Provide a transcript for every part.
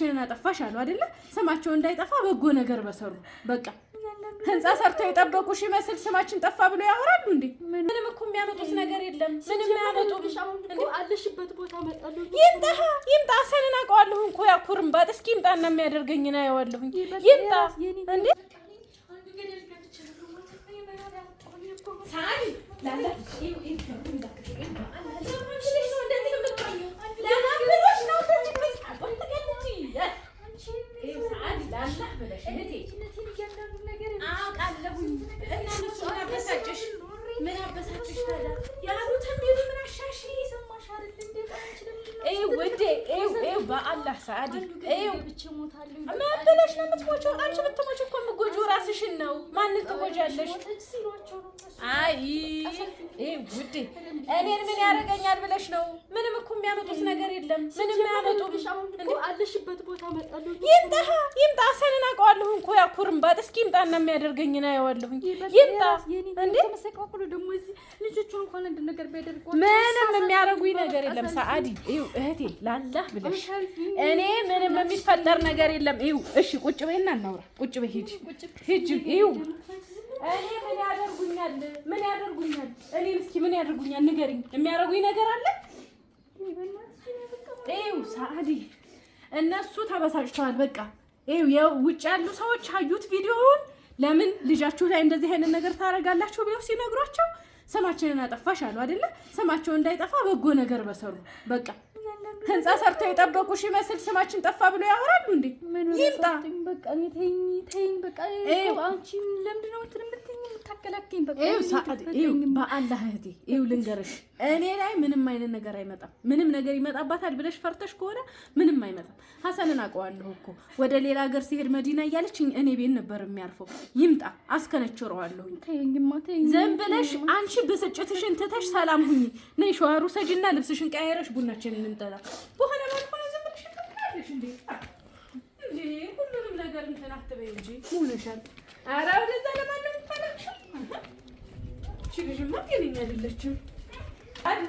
ስማችንን አጠፋሽ አሉ አይደለ? ስማቸው እንዳይጠፋ በጎ ነገር በሰሩ በቃ ህንፃ ሰርተው የጠበቁሽ ይመስል ስማችን ጠፋ ብሎ ያወራሉ እንዴ? ምንም እኮ የሚያመጡት ነገር የለም። ምንም ያመጡልሽ አለሽበት ቦታ መጣለሁ። ይምጣ ይምጣ፣ ሰንን አውቀዋለሁ። እንቁ ያኩርምባት። እስኪ የሚያደርገኝ ና አየዋለሁኝ። ይምጣ እንዴ እኔን ምን ያደርገኛል ብለሽ ነው? ምንም እኮ የሚያመጡት ነገር የለም። ምንም ያመጡት አለሽበት ቦታ መጣለሁ። ይምጣ ይምጣ፣ ሰንን አውቀዋለሁ እኮ ያ ኩርምባጥ። እስኪ ይምጣና የሚያደርገኝ ና ያዋለሁኝ። ይምጣ እንዴ መሰቃቅሎ ደግሞ እዚህ ልጆቹ እንኳን አንድ ነገር ቢያደርጉ ምንም የሚያደርጉኝ ነገር የለም። ሰአዲ ይኸው እህቴ ላላህ ብለሽ እኔ ምንም የሚፈጠር ነገር የለም። ይኸው እሺ፣ ቁጭ በይና እናውራ። ቁጭ በይ ሂጂ፣ ሂጂ ይኸው እኔ ምን ያደርጉኛል? ምን ያደርጉኛል? እኔ እስኪ ምን ያደርጉኛል? ንገሪኝ። የሚያደርጉኝ ነገር አለ? ይኸው ሳዲ እነሱ ተበሳጭተዋል። በቃ ይኸው ውጭ ያሉ ሰዎች አዩት ቪዲዮውን። ለምን ልጃችሁ ላይ እንደዚህ አይነት ነገር ታደርጋላችሁ ብለው ሲነግሯቸው ስማችንን አጠፋሽ አሉ አይደለ? ስማቸው እንዳይጠፋ በጎ ነገር በሰሩ በቃ ህንፃ ሰርተው የጠበቁሽ ይመስል ስማችን ጠፋ ብሎ ያወራሉ እንዴ? ይምጣ በቃ ተይኝ ተይኝ በቃ አንቺ ለምንድን ነው እንትን የምትይኝ የምታከላከኝ? በአላህ እህቴ ይኸው ልንገርሽ፣ እኔ ላይ ምንም አይነት ነገር አይመጣም። ምንም ነገር ይመጣባታል ብለሽ ፈርተሽ ከሆነ ምንም አይመጣም። ሀሰንን አውቀዋለሁ እኮ ወደ ሌላ ሀገር ሲሄድ መዲና እያለች እኔ ቤት ነበር የሚያርፈው። ይምጣ አስከነችረዋለሁ። ዝም ብለሽ አንቺ ብስጭትሽን ትተሽ ሰላም ሁኚ። ነይ ሸዋሩ ሰጅና ልብስሽን ቀያይረሽ ቡናችን እንጠላ በሆነ ባልሆነ ዝም ብለሽ ትልካለሽ እንዴ እንዴ ሁሉንም ነገር እንትን አትበይ እንጂ ሙሉሻል። አረ ወደዛ ለማንም ታላክሽ እቺ ልጅማ ገለኛ አይደለችም። አይ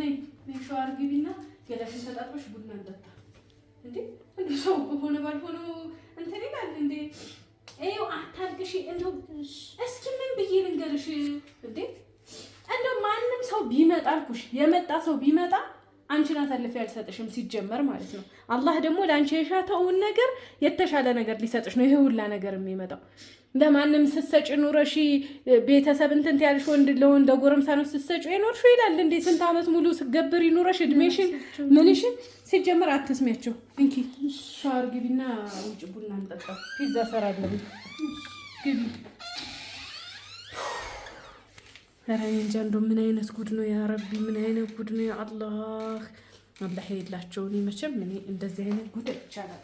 ነይ ነይ ሸዋር ግቢና ገላሽን ተጣጥበሽ ቡና እንደታ እንዴ እንዴ ሰው በሆነ ባልሆነ እንትን ይላል እንዴ ይኸው አታልቅሽ። እንደው እስኪ ምን ብዬ ልንገርሽ እንዴ እንደው ማንም ሰው ቢመጣ አልኩሽ የመጣ ሰው ቢመጣ አንቺን አሳልፌ አልሰጥሽም ሲጀመር ማለት ነው። አላህ ደግሞ ለአንቺ የሻተውን ነገር የተሻለ ነገር ሊሰጥሽ ነው። ይሄ ሁላ ነገር የሚመጣው ለማንም ስትሰጪ ኑረሺ ቤተሰብ እንትን ያልሽ ወንድ ለወንድ ለጎረምሳ ነው ስትሰጪ የኖርሽ ይላል እንዴ! ስንት ዓመት ሙሉ ስገብሪ ኑረሽ እድሜሽን ምንሽን ሲጀመር አትስሚያቸው። እንኪ ሻወር ግቢና ውጭ ቡና እንጠጣ ፒዛ ሰራለሁ ግቢ ኧረ እኔ እንጃ እንደው ምን አይነት ጉድ ነው ያረቢ፣ ምን አይነት ጉድ ነው ያአላህ። አላህ የላቸው። እኔ መቼም እኔ እንደዚህ አይነት ጉድ ይቻላል።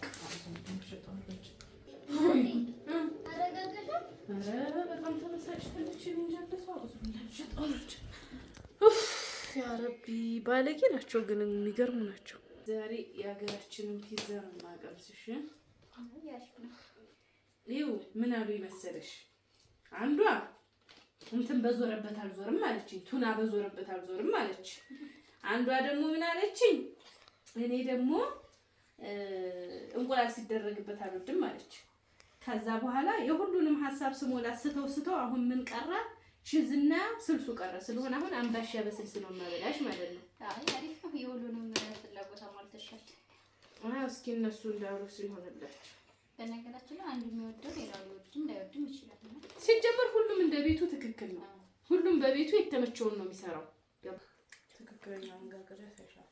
ያረቢ ባለጌ ናቸው ግን የሚገርሙ ናቸው። ዛሬ የሀገራችንን ፒዛ ነው የማቀብስሽ። ይኸው ምን አሉ ይመሰለሽ አንዷ እንትን በዞረበት አልዞርም አለችኝ። ቱና በዞረበት አልዞርም አለች። አንዷ ደግሞ ምን አለችኝ? እኔ ደግሞ እንቁላል ሲደረግበት አልወድም አለች። ከዛ በኋላ የሁሉንም ሀሳብ ስሞላ ስተው ስተው አሁን ምን ቀራ? ሽዝና ስልሱ ቀረ። ስለሆነ አሁን አምባሻ በስልስ ነው የማበላሽ ማለት ነው። አይ አሪፍ ነው። የሁሉንም ፍላጎት አሟልተሻል። አይ እስኪ እነሱ እንዳሉ ሲሆንላችሁ። በነገራችን ላይ አንዱ የሚወደው ሌላው ሊወድም ላይወድም በቤቱ ትክክል ነው። ሁሉም በቤቱ የተመቸውን ነው የሚሰራው። ትክክለኛ መንጋገሪያ ሳይሻል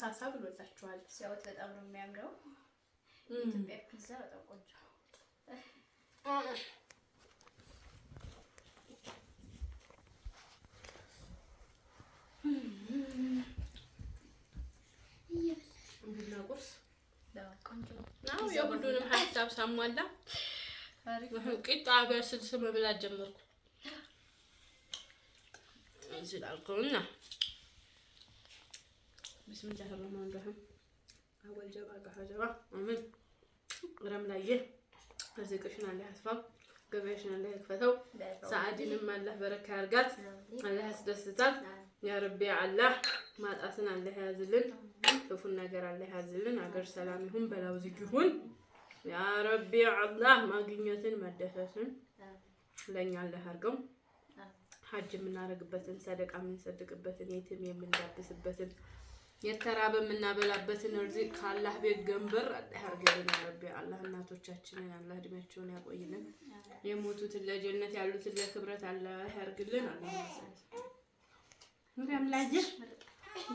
ሳሳ ብሎላችኋል። ሲያወት በጣም ነው የሚያምረው። ኢትዮጵያ ፒዛ በጣም ቆንጆ ቡና ቁርስ ቆንጆ ነው። ሁሉንም ሀሳብ ሳሟላ ቂጣ በስልስ መብላት ጀመርኩ። እዚህ ላልከውና ብስምላህ ረህማን ረሂም አወል ጀባ ጋሀ ጀባ ረምላዬ ርዝቅሽን አላህ ያስፋው፣ ገበያሽን አላህ ይክፈተው፣ ሰዓዲንም አላህ በረካ ያርጋት፣ አላህ ያስደስታት። ያ ረቢ አላህ ማጣትን አላህ ያዝልን፣ ክፉን ነገር አላህ ያዝልን። አገር ሰላም ይሁን፣ በላው ዝግ ይሁን። ያ ረቢ አላህ ማግኘትን መደሰትን ለእኛ አድርገው። ሀጅ የምናደርግበትን ሰደቃ የምንሰድቅበትን የትም የምንዳብስበትን የተራበ የምናበላበትን እርዚቅ ከአላህ ቤት ገንበር አላህ ያረቢ አላህ እናቶቻችንን አላህ እድሜያቸውን ያቆይልን። የሞቱትን ለጀነት ያሉትን ለክብረት አላህ ያርግልን። አላህ ያሳስልን።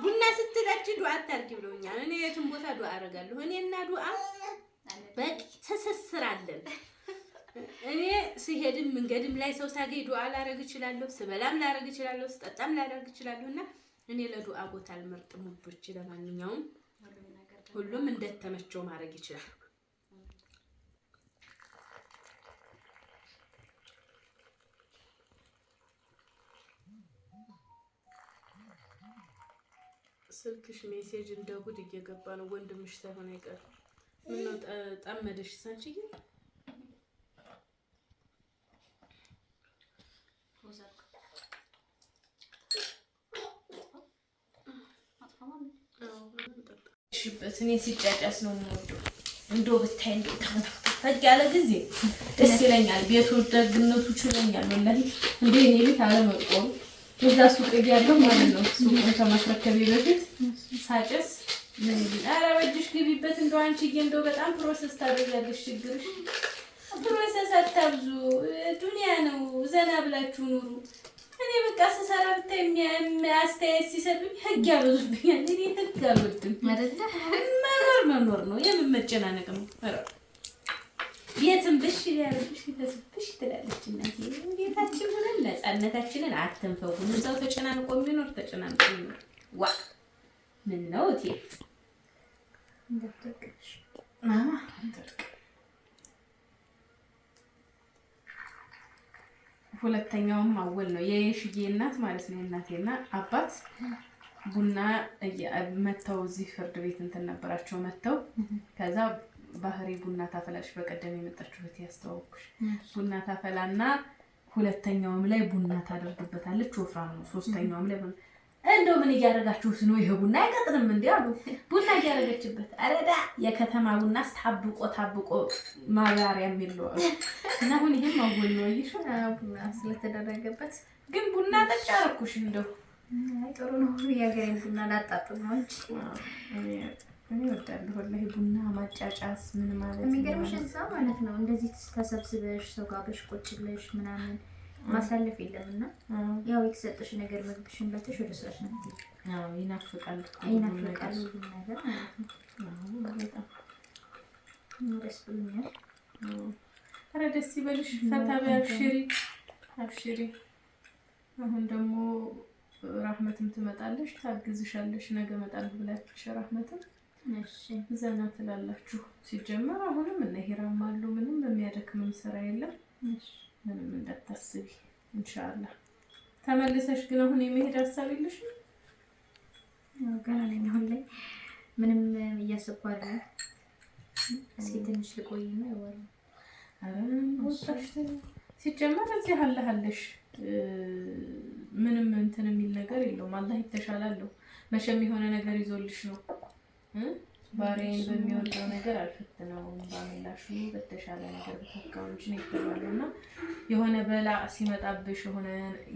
ቡና ስትላችሁ ዱዓ አታርጊ ብለውኛል። እኔ የትም ቦታ ዱዓ አደርጋለሁ። እኔና ዱዓ በቂ ትስስር አለን። እኔ ስሄድም መንገድም ላይ ሰው ሳገኝ ዱዓ ላደርግ እችላለሁ፣ ስበላም ላደርግ እችላለሁ፣ ስጠጣም ላደርግ እችላለሁ። እና እኔ ለዱዓ ቦታ አልመርጥም ውዶች። ለማንኛውም ሁሉም እንደተመቸው ማድረግ ይችላል። ስልክሽ ሜሴጅ እንደ ጉድ እየገባ ነው። ወንድምሽ ሳይሆን አይቀርም። ምነው ጠመደሽ ሳንቺዬ? ሽበት እኔ ሲጫጫስ ነው የምወደው። እንደው ብታይ ያለ ጊዜ ደስ ይለኛል። ቤቱ ደግነቱ ችሎኛል። ወላሂ እንደ እኔ ቤት አለመቆም እዛ ሱቅ ማለት ነው ከማስረከቤ በፊት ሳጨስ ኧረ በእጅሽ ግቢበት። እንደው አንቺዬ እንደው በጣም ፕሮሰስ ታበዛለሽ። ችግርሽ ፕሮሰስ አታብዙ። ዱኒያ ነው። ዘና ብላችሁ ኑሩ። እኔ በቃ ስሰራ ብታይ አስተያየት ሲሰጡኝ ህግ ያበዙብኛል። እኔ ህግ አልወድም። መኖር መኖር ነው። የምን መጨናነቅ ነው? የትም ብሽ ሊያረግሽ ሊፈስብሽ ትላለች እናቴ። ቤታችን ሆነን ነፃነታችንን አትንፈጉ። እዛው ተጨናንቆ የሚኖር ተጨናንቆ የሚኖር ዋ ምን ነው እቴ ሁለተኛውም አወል ነው የሽዬ እናት ማለት ነው። እናቴና አባት ቡና መተው እዚህ ፍርድ ቤት እንትን ነበራቸው መተው ከዛ ባህሪ ቡና ታፈላልሽ በቀደም የመጣችሁት ያስተዋወኩሽ ቡና ታፈላና ሁለተኛውም ላይ ቡና ታደርግበታለች ወፍራም ነው። ሶስተኛውም ላይ እንደው ምን እያደረጋችሁት ነው? ይሄ ቡና አይቀጥንም እንዴ አሉ። ቡና እያደረገችበት አረዳ የከተማ ቡና ታብቆ ታብቆ ማብራሪያም የለውም። እና አሁን ይሄም አወል ነው ይሽ ቡና ስለተደረገበት ግን ቡና ጠጭ አደረኩሽ። እንደው ጥሩ ነው የሀገሬን ቡና ላጣጥ ነው እንጂ እኔ እወዳለሁ ወላሂ ቡና ማጫጫስ ምን ማለት ነው? የሚገርምሽ እዛ ማለት ነው እንደዚህ ተሰብስበሽ ሰው ጋር ቁጭ ብለሽ ምናምን ማሳለፍ የለም እና ያው የተሰጠሽ ነገር ምግብሽን በልተሽ ወደ ስራሽ ነው። ይናፍቃል ይናፍቃል ሁሉም ነገር ማለት ደስ ብሎኛል። ኧረ ደስ ይበልሽ። ፈታቢ አብሽሪ አብሽሪ። አሁን ደግሞ ራህመትም ትመጣለሽ፣ ታግዝሻለሽ። ነገ እመጣለሁ ብላለች ራህመትም ዘና ትላላችሁ። ሲጀመር አሁንም እነ ሂራም አሉ። ምንም የሚያደክምም ስራ የለም። ምንም እንዳታስቢ እንሻላ። ተመልሰሽ ግን አሁን የመሄድ ሀሳብ የለሽም? ገና ነኝ። አሁን ላይ ምንም እያሰብኩ አይደለም። እስኪ ትንሽ ልቆይ ነው ይወሩ። ሲጀመር እዚህ አለሃለሽ ምንም እንትን የሚል ነገር የለውም። አላህ ይተሻላለሁ መቼም የሆነ ነገር ይዞልሽ ነው ባሬን በሚወደው ነገር አልፈትነውም፣ በምላሹ በተሻለ ነገር ብታካው እንጂ እና የሆነ በላ ሲመጣብሽ የሆነ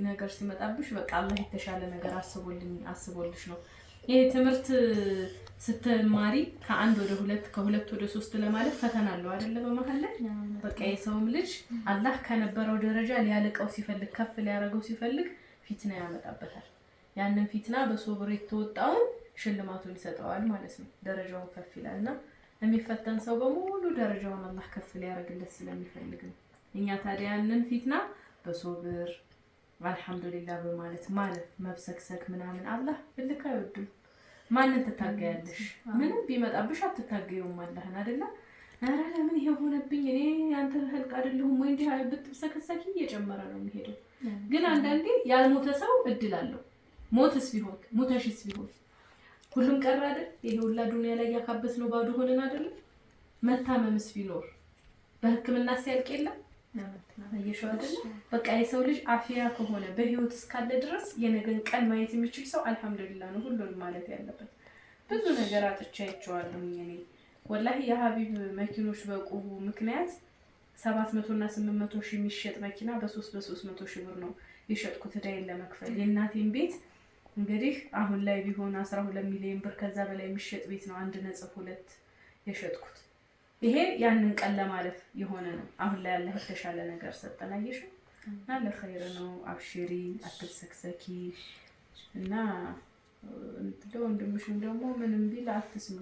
ነገር ሲመጣብሽ በቃ አላህ የተሻለ ነገር አስቦልኝ አስቦልሽ ነው። ይሄ ትምህርት ስትማሪ ከአንድ ወደ ሁለት ከሁለት ወደ ሶስት ለማለት ፈተና አለው አይደለ? በመሀል ላይ በቃ የሰውም ልጅ አላህ ከነበረው ደረጃ ሊያልቀው ሲፈልግ ከፍ ሊያደርገው ሲፈልግ ፊትና ያመጣበታል። ያንን ፊትና በሶብር የተወጣውን ሽልማቱን ይሰጠዋል ማለት ነው። ደረጃውን ከፍ ይላል እና የሚፈተን ሰው በሙሉ ደረጃውን አላህ ከፍ ሊያደርግለት ስለሚፈልግ ነው። እኛ ታዲያ ያንን ፊትና በሶብር አልሐምዱሊላ በማለት ማለፍ መብሰክሰክ ምናምን አላህ እልክ አይወድም። ማንን ትታገያለሽ? ምንም ቢመጣብሽ ትታገየውም አላህን አደለ? ኧረ ለምን ይሄ ሆነብኝ እኔ ያንተ ህልቅ አይደለሁም ወይ እንዲህ ብትብሰከሰኪ እየጨመረ ነው የሚሄደው። ግን አንዳንዴ ያልሞተ ሰው እድል አለው። ሞትስ ቢሆን ሞተሽስ ቢሆን ሁሉም ቀረ አይደል? ይሄ ሁላ ዱንያ ላይ ያካበት ነው ባዶ ሆነን አይደል? መታመምስ ቢኖር በሕክምና ሲያልቅ የለም አየሽው አይደል? በቃ የሰው ልጅ አፍያ ከሆነ በህይወት እስካለ ድረስ የነገን ቀን ማየት የሚችል ሰው አልሐምዱሊላህ ነው ሁሉንም ማለት ያለበት። ብዙ ነገር አጥቼ አይቼዋለሁ እኔ ወላሂ የሀቢብ መኪኖች በቁቡ ምክንያት ሰባት መቶ እና ስምንት መቶ ሺህ የሚሸጥ መኪና በሶስት በሶስት መቶ ሺህ ብር ነው የሸጥኩት ዕዳዬን ለመክፈል የእናቴን ቤት እንግዲህ አሁን ላይ ቢሆን አስራ ሁለት ሚሊዮን ብር ከዛ በላይ የሚሸጥ ቤት ነው አንድ ነጥብ ሁለት የሸጥኩት። ይሄ ያንን ቀን ለማለፍ የሆነ ነው። አሁን ላይ ያለህ የተሻለ ነገር ሰጠናየሽ እና ለኸይር ነው። አብሽሪ አትሰክሰኪ እና ለወንድምሽም ደግሞ ምንም ቢል አትስሙ፣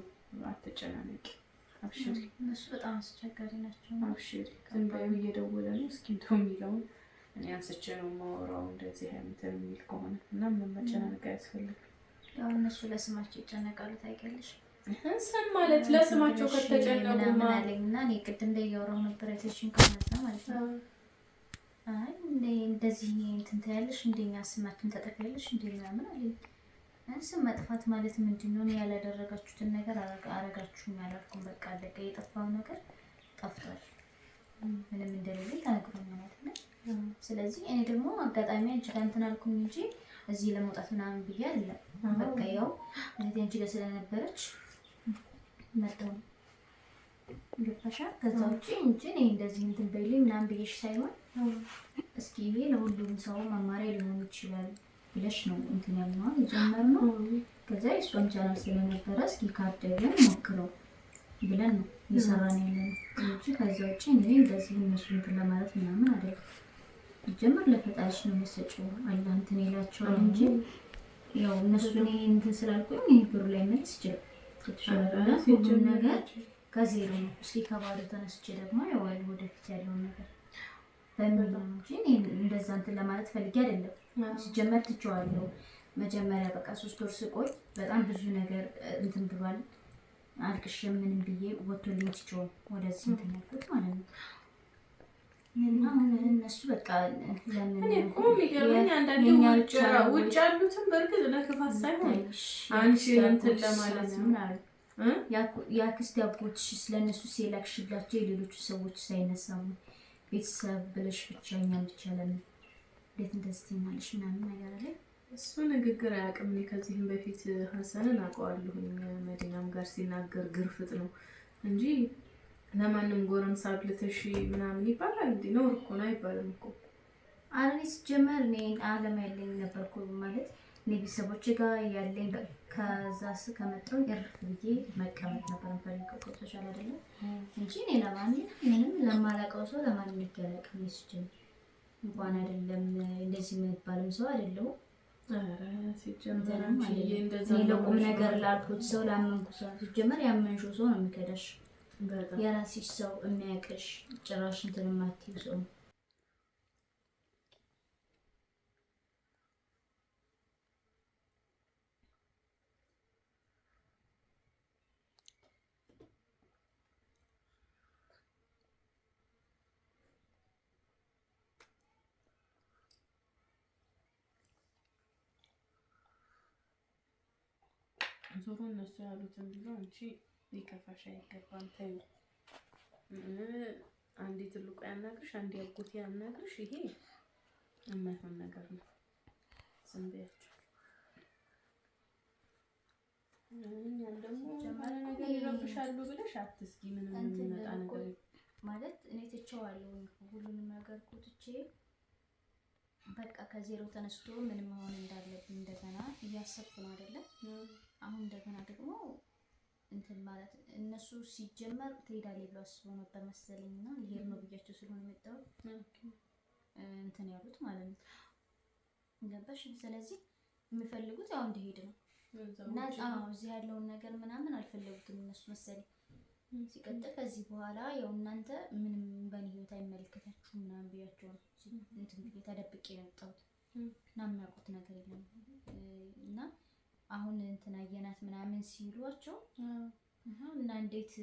አትጨናነቂ። አብሽሪ እነሱ በጣም አስቸጋሪ ናቸው። አብሽሪ ዝም በይው እየደወለ ነው እስኪ እንደው የሚለውን እኔ አንስቼ ነው የማወራው እንደዚህ አይነት የሚል ከሆነ እና ምን መጨናነቅ አያስፈልግም። ያው እነሱ ለስማቸው ይጨነቃሉ ታውቂያለሽ። እንሰን ማለት ለስማቸው ከተጨነቁ ማለኝና እኔ ቅድም ላይ እያወራሁ ነበር ቴሽን ከመጣ ማለት ነው። እንደዚህ እንትን ታያለሽ፣ እንደኛ ስማችን ተጠቅያለሽ፣ እንደኛ ምን አለ ስም መጥፋት ማለት ምንድን ነው? ያላደረጋችሁትን ነገር አረጋችሁ አላልኩም። በቃ አለቀ። የጠፋው ነገር ጠፍቷል። ምንም እንደሌለ ተነግሮኝ ማለት ነው። ስለዚህ እኔ ደግሞ አጋጣሚ አንቺ ጋር እንትን አልኩኝ እንጂ እዚህ ለመውጣት ምናምን ብዬ አይደለም። በቃ ያው እህቴ አንቺ ጋር ስለነበረች መጣሁ ገባሻ። ከዛ ውጭ እንጂ እኔ እንደዚህ እንትን በይልኝ ምናምን ብዬሽ ሳይሆን እስኪ ይሄ ለሁሉም ሰው መማሪያ ሊሆን ይችላል ብለሽ ነው እንትን ያልነዋል የጀመርነው። ከዛ የእሷም ቻናል ስለነበረ እስኪ ካደገን ሞክረው ብለን ነው እየሰራን ያለ ነው ከዛ ውጭ እኔ እንደዚህ እነሱ እንትን ለማለት ምናምን አደለ። ጀምር ለፈጣሪሽ ነው የምትሰጪው። አላህ እንትን ይላቸዋል እንጂ ያው እነሱ እኔ እንትን ስላልኩኝ ይህ ብሩ ላይ መልስ ይችላል ሁሉም ነገር ከዜሮ ነው። እስኪ ከባዶ ተነስቼ ደግሞ ያው ወደፊት ያለውን ነገር እንደዛ እንትን ለማለት ፈልጌ አይደለም። ሲጀመር ትቼዋለሁ መጀመሪያ በቃ ሶስት ወር ስቆይ በጣም ብዙ ነገር እንትን ብሏል። አልቅሽ ምንም ብዬ ወቶልኝ ትቼው ወደዚህ እንትን ያልኩት ማለት ነው። እና እነሱ በቃ ውጭ በእርግጥ ለክፋት ሳይሆን እንትን ለማለት ነው። ሲላክሽላቸው የሌሎቹ ሰዎች ሳይነሳሙ ቤተሰብ ብለሽ ብቻ ብቻ ለምን እንዴት እንደዚህ ትይኛለሽ ምናምን ነገር አለ እሱ ንግግር አያውቅም። እኔ ከዚህም በፊት ሀሰንን አውቀዋለሁኝ መዲናም ጋር ሲናገር ግርፍጥ ነው እንጂ ለማንም ጎረምሳ ብለተሽ ምናምን ይባላል። እንዲ ነው እኮ ነው አይባልም እኮ አረኔ ጀመር እኔ አለም ያለኝ ነበርኩ ማለት እኔ ቤተሰቦች ጋር ያለኝ ከዛ ስ ከመጣሁ እርፍ ብዬ መቀመጥ ነበር ንፈልገ ቆቶቻል አይደለም እንጂ እኔ ለማን ምንም ለማላውቀው ሰው ለማን እንዲገለቅ ሲጀመር እንኳን አይደለም እንደዚህ የሚባልም ሰው አይደለሁም። ለቁም ነገር ላልኩት ሰው ላመንኩ ሰው ሲጀመር ያመንሽው ሰው ነው የሚከዳሽ። የራስሽ ሰው የሚያውቅሽ ጭራሽ እንትን የማትይው ሰው ዞሮ እነሱ ያሉትን ብሎ አንቺ ሊከፋሽ አይገባም። ተይው። አንዴ ትልቁ ያናግርሽ፣ አንዴ አጎቴ ያናግርሽ። ይሄ የማይሆን ነገር ነው። ዝም ብያቸው እኛም ደግሞ ነገር ይረብሻሉ ብለሽ አትስጊ። ምንም የሚመጣ ነገር ማለት እኔ ትቼዋለሁ ሁሉንም ነገር ትቼ በቃ ከዜሮ ተነስቶ ምን መሆን እንዳለብን እንደገና እያሰብኩ ነው አይደለም። አሁን እንደገና ደግሞ እንትን ማለት እነሱ ሲጀመር ትሄዳለህ ብለው አስበው ነበር መሰለኝ እና ልሄድ ነው ብያቸው ስለሆነ የመጣሁት እንትን ያሉት ማለት ነው። ገባሽ? ስለዚህ የሚፈልጉት ያው እንዲሄድ ነው እና እዚህ ያለውን ነገር ምናምን አልፈለጉትም እነሱ መሰለኝ ሲቀጥል ከዚህ በኋላ ያው እናንተ ምንም በእኔ ህይወት አይመለከታችሁ ምናምን ብያቸው ነው እንትን ብዬ ተደብቄ ነው እና የማያውቁት ነገር የለም እና አሁን እንትን አየናት ምናምን ሲሏቸው እና እንዴት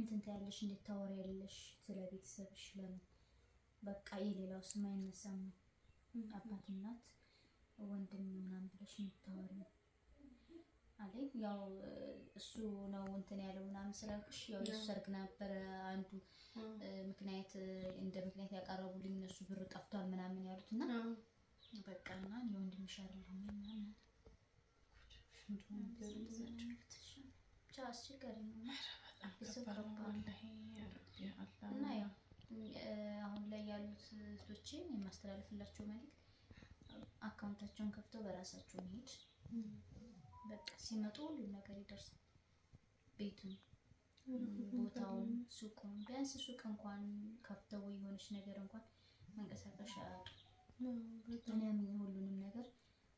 እንትን ታያለሽ እንዴት ታወሪያለሽ ስለ ቤተሰብሽ ለምን በቃ የሌላው ስም አይነሳም አባት እናት ወንድም ምናምን ብለሽ የምታወሪው አለኝ ያው እሱ ነው እንትን ያለው ምናምን ስላልኩሽ ያው የሱ ሰርግ ነበረ። አንዱ ምክንያት እንደ ምክንያት ያቀረቡልኝ እነሱ ብር ጠፍቷል ምናምን ያሉት እና በቃ እና የወንድምሽ አይደለሁም ምናምን ብቻ አስቸጋሪ እና ያው አሁን ላይ ያሉት እህቶቼን የማስተላለፍላቸው መልዕክት አካውንታቸውን ከፍተው በራሳቸው መሄድ በቃ ሲመጡ ሁሉም ነገር ይደርሳል። ቤቱን፣ ቦታውን፣ ሱቁን ቢያንስ ሱቅ እንኳን ከፍተው የሆነች ነገር እንኳን መንቀሳቀሻ ምንም ሁሉንም ነገር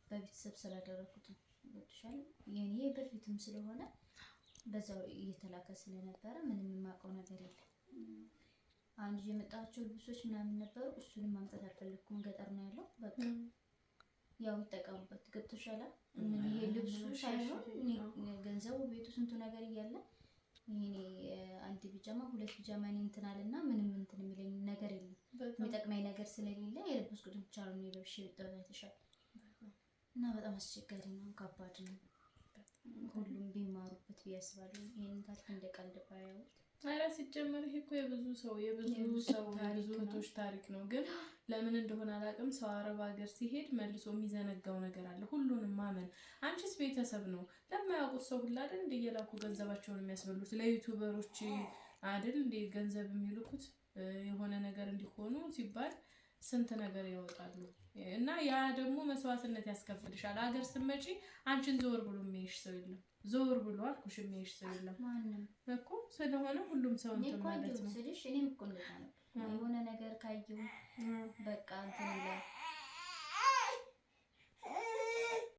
በቤተሰብ ስላደረኩት ይወጡሻል። የኔ በፊትም ስለሆነ በዛው እየተላከ ስለነበረ ምንም የማውቀው ነገር የለም። አንድ የመጣቸው ልብሶች ምናምን ነበሩ። እሱንም ማምጣት አልፈለግኩም። ገጠር ነው ያለው በቃ ያው ይጠቀሙበት። ገብቶሻል? ይሄ ልብሱ ሳይሆን ገንዘቡ ቤቱ ስንቱ ነገር እያለ ይሄኔ አንድ ቢጃማ ሁለት ቢጃማ ኔ እንትን ምንም እንትን የሚለኝ ነገር የለም። የሚጠቅመኝ ነገር ስለሌለ የለበስኩት ብቻ ነው የለብሽ የወጣሁት አይተሻል። እና በጣም አስቸጋሪ ነው፣ ከባድ ነው። ሁሉም ቢማሩበት ቢያስባሉ አስባለሁ። ይሄንን ታሪክ እንደ ቀልድ ባያዩት ኧረ ሲጀመር ይሄ እኮ የብዙ ሰው የብዙ ሰው ብዙ እህቶች ታሪክ ነው። ግን ለምን እንደሆነ አላውቅም፣ ሰው አረብ ሀገር ሲሄድ መልሶ የሚዘነጋው ነገር አለ። ሁሉንም ማመን አንቺስ ቤተሰብ ነው ለማያውቁት ሰው ሁላ አይደል እንደ እየላኩ ገንዘባቸውን የሚያስበሉት ለዩቱበሮች አይደል እንደ ገንዘብ የሚልኩት የሆነ ነገር እንዲሆኑ ሲባል ስንት ነገር ያወጣሉ። እና ያ ደግሞ መስዋዕትነት ያስከፍልሻል። ሀገር ስትመጪ አንቺን ዞር ብሎ የሚሄሽ ሰው የለም። ዞር ብሎ አልኩሽ የሚሄሽ ሰው የለም እኮ ስለሆነ ሁሉም ሰው እንትን ማለት ነው። እኔም እኮ እንደዛ ነው የሆነ ነገር ካየሁ በቃ እንትን ይላል